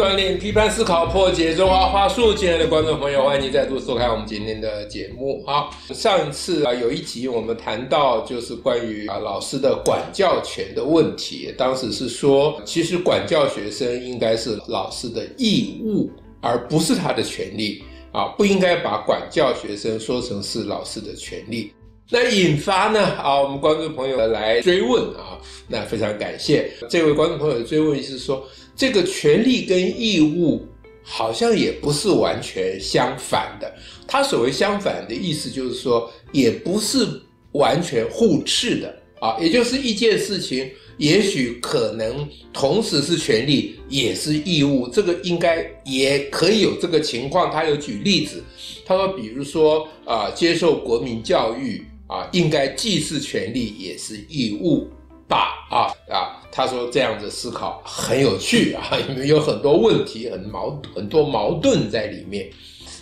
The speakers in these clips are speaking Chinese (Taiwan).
鍛鍊批判思考，破解中華話術。親愛的觀眾朋友，歡迎您再度收看我們今天的節目。好，上一次啊，有一集我們談到就是關於啊老師的管教權的問題，當時是說，其實管教學生應該是老師的義務，而不是他的權利啊，不應該把管教學生說成是老師的權利。那引發呢，啊，我們觀眾朋友來追問啊，那非常感謝這位觀眾朋友的追問，是說這個權利跟義務好像也不是完全相反的。他所謂相反的意思就是說，也不是完全互斥的啊，也就是一件事情，也許可能同時是權利也是義務，這個應該也可以有這個情況。他有舉例子，他說比如說啊，接受國民教育。啊，應該既是權利也是義務吧？啊啊，他說這樣子思考很有趣啊，因為有很多問題，很矛很多矛盾在裡面。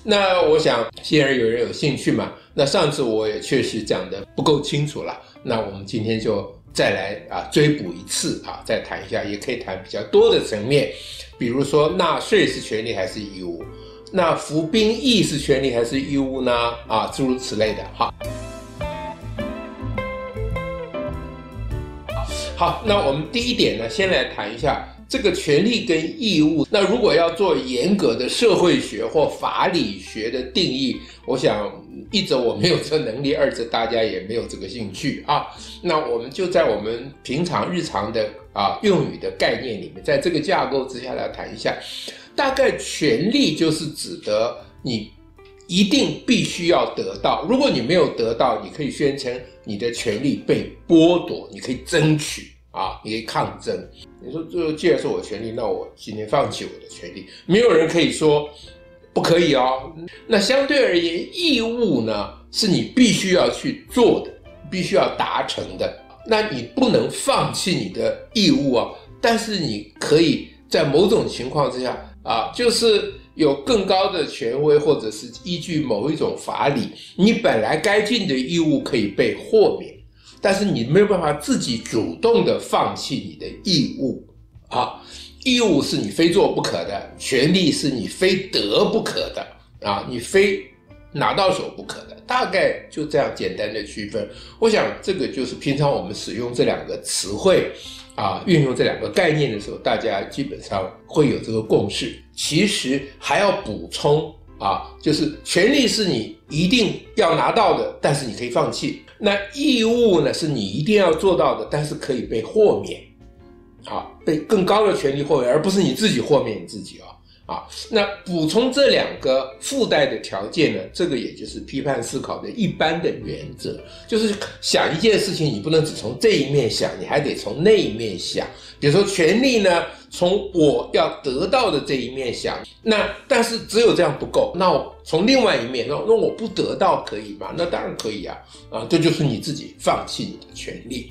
那我想，既然有人有興趣嘛，那上次我也確實講得不夠清楚了，那我們今天就再來啊追補一次啊，再談一下，也可以談比較多的層面，比如說納稅是權利還是義務？那服兵役是權利還是義務呢？啊，諸如此類的哈。啊好，那我們第一點呢，先來談一下這個權利跟義務。那如果要做嚴格的社會學或法理學的定義，我想一者我沒有這能力，二者大家也沒有這個興趣啊。那我們就在我們平常日常的啊用語的概念裡面，在這個架構之下來談一下，大概權利就是指的你。一定必須要得到。如果你沒有得到，你可以宣稱你的權利被剝奪，你可以爭取啊，你可以抗爭。你說，這既然是我的權利，那我今天放棄我的權利，沒有人可以說不可以哦。那相對而言，義務呢是你必須要去做的，必須要達成的。那你不能放棄你的義務啊，但是你可以在某種情況之下啊，就是。有更高的權威，或者是依據某一種法理，你本來該盡的義務可以被豁免，但是你沒有辦法自己主動的放棄你的義務。啊，義務是你非做不可的，權利是你非得不可的。啊，你非拿到手不可的，大概就這樣簡單的區分。我想這個就是平常我們使用這兩個詞彙，啊，運用這兩個概念的時候，大家基本上會有這個共識。其實還要補充啊，就是權利是你一定要拿到的，但是你可以放棄；那義務呢，是你一定要做到的，但是可以被豁免。啊，被更高的權利豁免，而不是你自己豁免你自己啊、哦。啊，那補充這兩個附帶的條件呢？這個也就是批判思考的一般的原則，就是想一件事情，你不能只從這一面想，你還得從那一面想。比如說權利呢，從我要得到的這一面想，那但是只有這樣不夠，那我從另外一面，那那我不得到可以嗎？那當然可以啊，啊、嗯，這就，就是你自己放棄你的權利。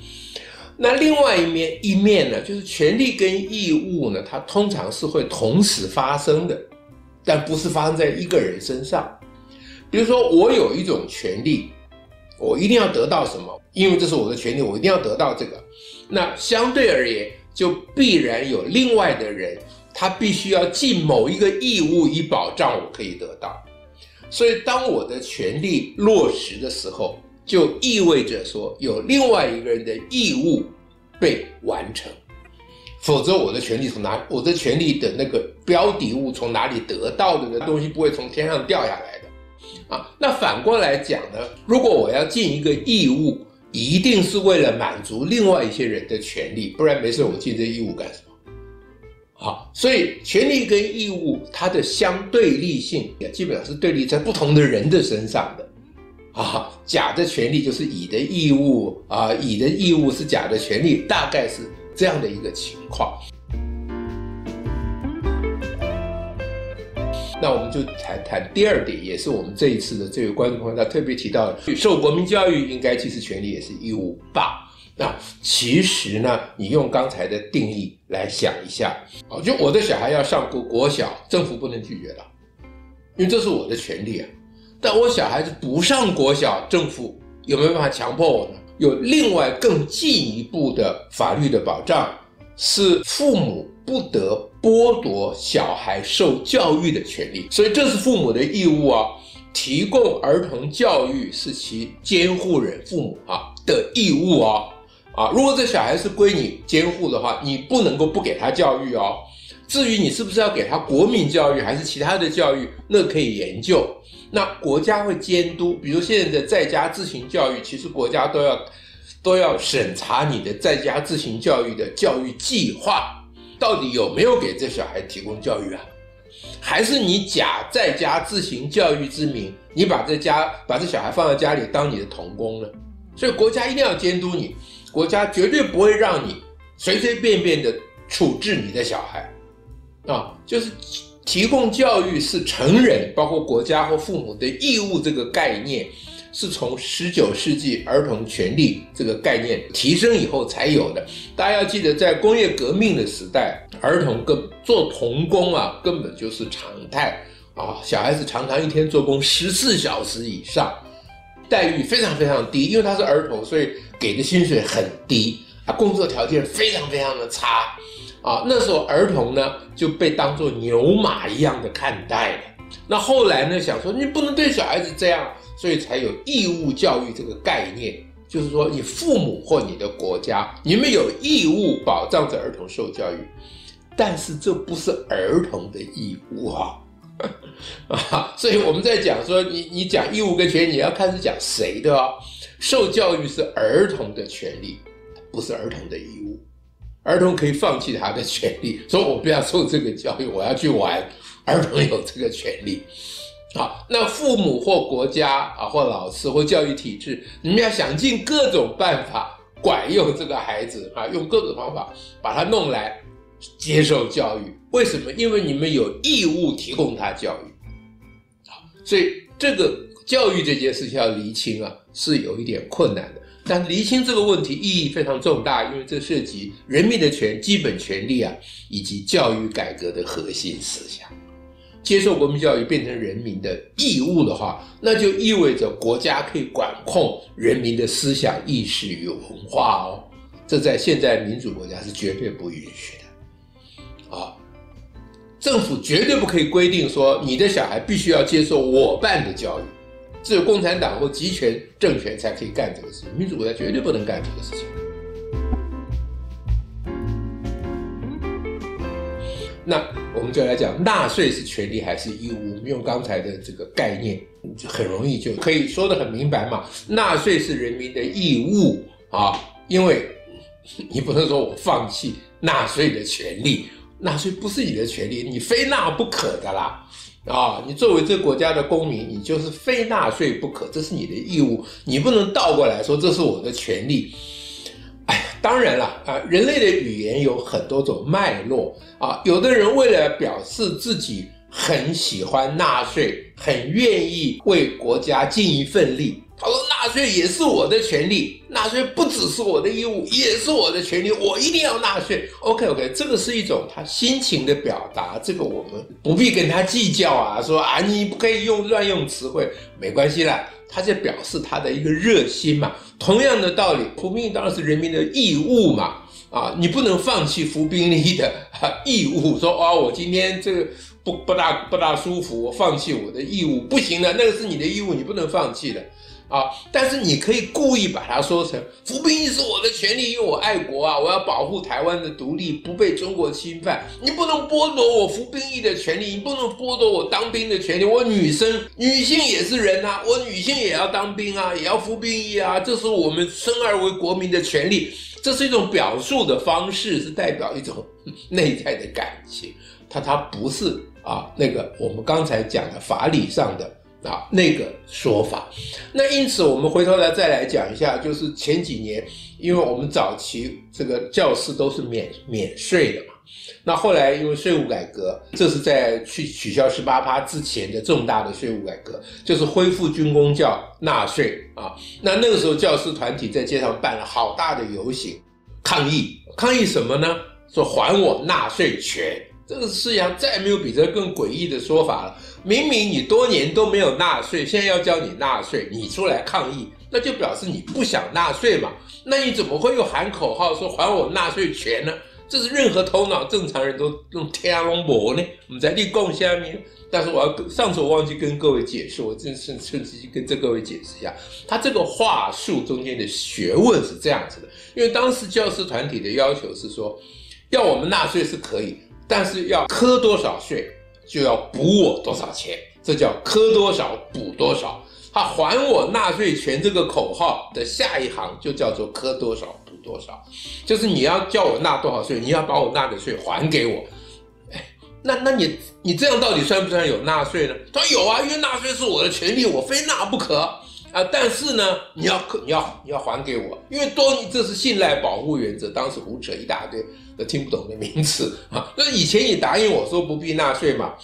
那另外一面一面呢，就是權利跟義務呢，它通常是會同時發生的，但不是發生在一個人身上。比如說，我有一種權利，我一定要得到什麼，因為這是我的權利，我一定要得到這個。那相對而言，就必然有另外的人，他必須要盡某一個義務，以保障我可以得到。所以，當我的權利落實的時候，就意味着說有另外一個人的義務被完成，否則我的權利從哪？我的權利的那個標的物從哪裡得到的呢？東西不會從天上掉下來的啊。那反過來講呢，如果我要盡一個義務，一定是為了滿足另外一些人的權利，不然沒事我盡這義務幹什麼？好，所以權利跟義務它的相對立性也基本上是對立在不同的人的身上的。啊，甲的權利就是乙的義務啊，乙的義務是甲的權利，大概是這樣的一個情況。嗯。那我們就談談第二點，也是我們這一次的這位、個、觀眾朋友他特別提到，受國民教育應該既是權利也是義務吧？那其實呢，你用剛才的定義來想一下，啊，就我的小孩要上國國小，政府不能拒絕了，因為這是我的權利啊。但我小孩子不上國小，政府有沒有辦法強迫我呢？有另外更進一步的法律的保障，是父母不得剝奪小孩受教育的權利，所以這是父母的義務啊、哦。提供兒童教育是其監護人父母啊的義務啊。啊，如果這小孩是歸你監護的話，你不能夠不給他教育哦。至於你是不是要給他國民教育還是其他的教育，那可以研究。那國家會監督，比如現在的在家自行教育，其實國家都要都要審查你的在家自行教育的教育計劃，到底有沒有給這小孩提供教育啊？還是你假在家自行教育之名，你把這家把這小孩放在家裡當你的童工呢？所以國家一定要監督你，國家絕對不會讓你隨隨便便的處置你的小孩啊。嗯，就是。提供教育是成人，包括國家和父母的義務。這個概念，是從19世紀兒童權利這個概念提升以後才有的。大家要記得，在工業革命的時代，兒童跟做童工啊，根本就是常態啊。小孩子常常一天做工十四小時以上，待遇非常非常低，因為他是兒童，所以給的薪水很低啊，工作條件非常非常的差。啊，那時候兒童呢就被當作牛馬一樣的看待了。那後來呢，想說你不能對小孩子這樣，所以才有義務教育這個概念，就是說你父母或你的國家，你們有義務保障着兒童受教育，但是這不是兒童的義務啊！ 所以我們在講說你你講義務跟權利，你要看是講誰的哦？受教育是兒童的權利，不是兒童的義務。兒童可以放棄他的權利，說我不要受這個教育，我要去玩。兒童有這個權利，啊，那父母或國家啊，或老師或教育體制，你們要想盡各種辦法管用這個孩子啊，用各種方法把他弄來接受教育。為什麼？因為你們有義務提供他教育。好，所以這個教育這件事情要釐清啊，是有一點困難的。但釐清這個問題意義非常重大，因為這涉及人民的權、基本權利啊，以及教育改革的核心思想。接受國民教育變成人民的義務的話，那就意味着國家可以管控人民的思想意識與文化哦。這在現在民主國家是絕對不允許的。啊、哦，政府絕對不可以規定說你的小孩必須要接受我辦的教育。只有共產黨或集權政權才可以幹這個事情，民主國家絕對不能幹這個事情。那我們就來講，納稅是權利還是義務？我們用剛才的這個概念，就很容易就可以說得很明白嘛。納稅是人民的義務啊，哦，因為你不能說我放棄納稅的權利，納稅不是你的權利，你非納不可的啦。啊、哦，你作為這國家的公民，你就是非納稅不可，這是你的義務，你不能倒過來說這是我的權利。哎，當然了啊，人類的語言有很多種脈絡啊，有的人為了表示自己很喜歡納稅，很願意為國家盡一份力。他說納稅也是我的權利，納稅不只是我的義務，也是我的權利。我一定要納稅。OK OK，這個是一種他心情的表達，這個我們不必跟他計較啊。說啊，你不可以用亂用詞彙，沒關係啦，他就表示他的一個熱心嘛。同樣的道理，服兵役當然是人民的義務嘛。啊，你不能放棄服兵役的義務。說啊，哦，我今天這個不不大不大舒服，我放棄我的義務，不行的。那個是你的義務，你不能放棄的。啊！但是你可以故意把它說成服兵役是我的權利，因為我愛國啊，我要保護台灣的獨立，不被中國侵犯。你不能剝奪我服兵役的權利，你不能剝奪我當兵的權利。我女生、女性也是人吶，啊，我女性也要當兵啊，也要服兵役啊，這是我們生而為國民的權利。這是一種表述的方式，是代表一種內在的感情，它它不是啊那個我們剛才講的法理上的。啊，那個說法，那因此我們回頭來再來講一下，就是前幾年，因為我們早期這個教師都是免免稅的嘛，那後來因為稅務改革，這是在去取消十八趴之前的重大的稅務改革，就是恢復軍公教納稅啊，那那個時候教師團體在街上辦了好大的遊行，抗議抗議什麼呢？說還我納稅權。這個世界上再也沒有比這更詭異的說法了。明明你多年都沒有納稅，現在要叫你納稅，你出來抗議，那就表示你不想納稅嘛。那你怎麼會又喊口號說還我納稅權呢？這是任何頭腦正常人都用天龍之別呢。我們在立功下面，但是我要跟上次我忘記跟各位解釋，我真是趁機跟這各位解釋一下，他這個話術中間的學問是這樣子的。因為當時教師團體的要求是說，要我們納稅是可以。但是要扣多少稅，就要補我多少錢，這叫扣多少補多少。他、啊、還我納稅權這個口號的下一行就叫做扣多少補多少，就是你要叫我納多少稅，你要把我納的稅還給我。哎、那那你你這樣到底算不算有納稅呢？他說有啊，因為納稅是我的權利，我非納不可啊。但是呢，你要你要你要還給我，因為多，這是信賴保護原則。當時胡扯一大堆。都聽不懂的名詞啊！那以前你答應我說不必納稅嘛，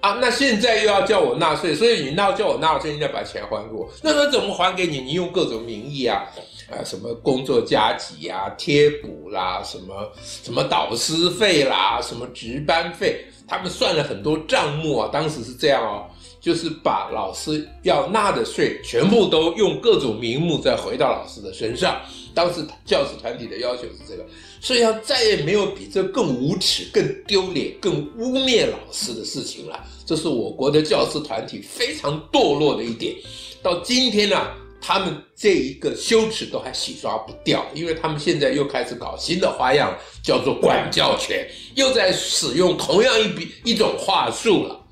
啊，那現在又要叫我納稅，所以你要叫我納稅，你該把錢還給我。那他怎麼還給你？你用各種名義啊，啊，什麼工作加急啊、貼補啦，什麼什麼導師費啦，什麼值班費，他們算了很多賬目啊，當時是這樣哦。就是把老師要納的稅全部都用各種名目，再回到老師的身上。當時教師團體的要求是這個，所以要再也沒有比這更無恥、更丟臉、更污蔑老師的事情了。這是我國的教師團體非常墮落的一點。到今天呢，啊，他們這一個羞恥都還洗刷不掉，因為他們現在又開始搞新的花樣，叫做管教權，又在使用同樣一筆一種話術了。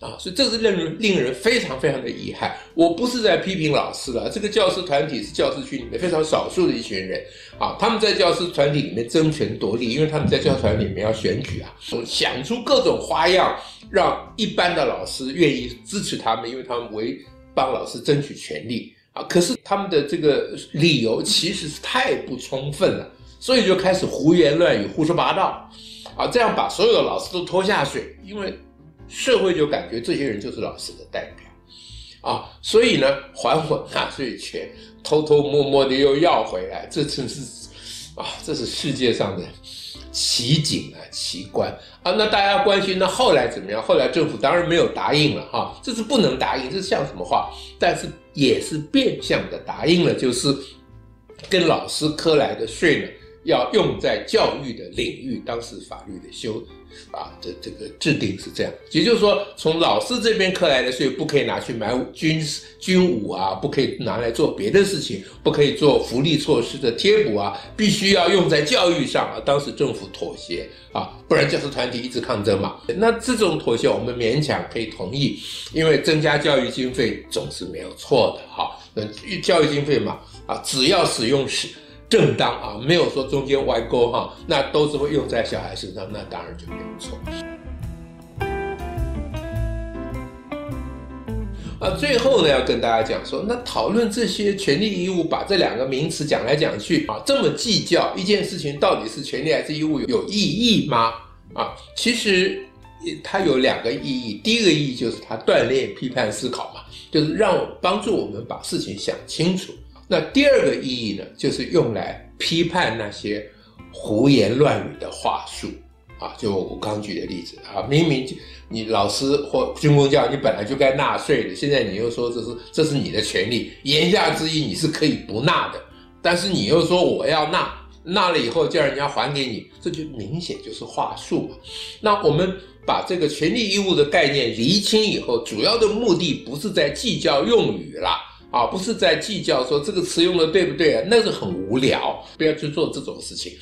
啊，所以這是令人令人非常非常的遺憾。我不是在批評老師了，啊，這個教師團體是教師群裡面非常少數的一群人。啊，他們在教師團體裡面爭權奪利，因為他們在教團裡面要選舉啊，想出各種花樣讓一般的老師願意支持他們，因為他們為幫老師爭取權利啊。可是他們的這個理由其實是太不充分了，所以就開始胡言亂語、胡說八道，啊，這樣把所有的老師都拖下水，因為。社會就感覺這些人就是老師的代表，啊，所以呢，還我納稅錢，偷偷摸摸的又要回來，這真是，啊，這是世界上的奇景啊，奇觀啊！那大家關心那後來怎麼樣？後來政府當然沒有答應了哈，啊，這是不能答應，這是像什麼話？但是也是變相的答應了，就是跟老師磕來的稅呢，要用在教育的領域，當時法律的修，啊，這這個制定是這樣，也就是說，從老師這邊課來的，所以不可以拿去買軍軍武啊，不可以拿來做別的事情，不可以做福利措施的貼補啊，必須要用在教育上啊。當時政府妥協啊，不然教師團體一直抗爭嘛。那這種妥協，我們勉強可以同意，因為增加教育經費總是沒有錯的哈。那教育經費嘛，啊，只要使用是。正當啊，沒有說中間歪勾哈，那都是會用在小孩身上，那當然就沒有錯。啊，最後呢，要跟大家講說，那討論這些權利義務，把這兩個名詞講來講去啊，這麼計較一件事情到底是權利還是義務有，有意義嗎？啊，其實它有兩個意義，第一個意義就是它鍛鍊批判思考嘛，就是讓我幫助我們把事情想清楚。那第二個意義呢，就是用來批判那些胡言亂語的話術啊。就我剛舉的例子啊，明明就你老師或軍公教你本來就該納稅的，現在你又說這是這是你的權利，言下之意你是可以不納的，但是你又說我要納，納了以後叫人家還給你，這就明顯就是話術嘛。那我們把這個權利義務的概念釐清以後，主要的目的不是在計較用語了。啊，不是在計較說這個詞用的對不對，啊，那是很無聊，不要去做這種事情，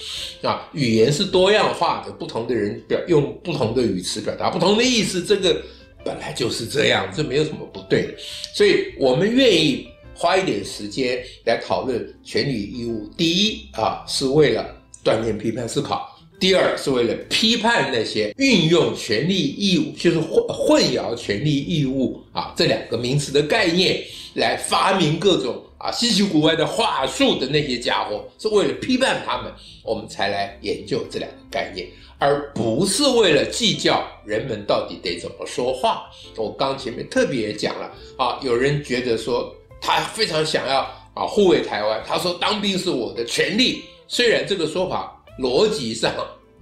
啊，語言是多樣化的，不同的人表用不同的語詞表達不同的意思，這個本來就是這樣，這沒有什麼不對的。所以我們願意花一點時間來討論權利義務。第一啊，是為了鍛鍊批判思考；第二是為了批判那些運用權利義務，就是混混淆權利義務啊這兩個名詞的概念。來發明各種啊稀奇古怪的話術的那些家伙，是為了批判他們，我們才來研究這兩個概念，而不是為了計較人們到底得怎麼說話。我剛前面特別也講了啊，有人覺得說他非常想要啊護衛台灣，他說，當兵是我的權利，雖然這個說法邏輯上，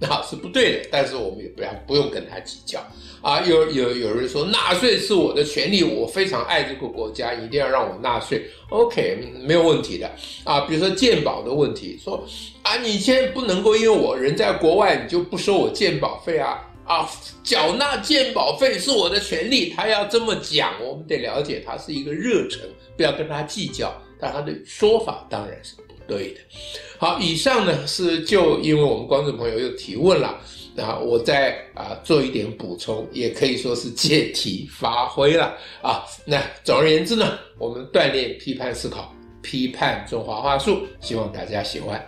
那是不對的，但是我們也不要不用跟他計較啊。有有有人說，納稅是我的權利，我非常愛這個國家，一定要讓我納稅。OK，沒有問題的啊。比如說健保的問題，說啊，你現在不能夠因為我人在國外，你就不收我健保費啊啊！繳納健保費是我的權利，他要這麼講，我們得了解他是一個熱忱，不要跟他計較。但他的說法當然是不對的。好，以上呢，是就因為我們觀眾朋友又提問了，那我再啊、呃、做一點補充，也可以說是借題發揮了啊。那總而言之呢，我們鍛鍊批判思考，批判中華話術，希望大家喜歡。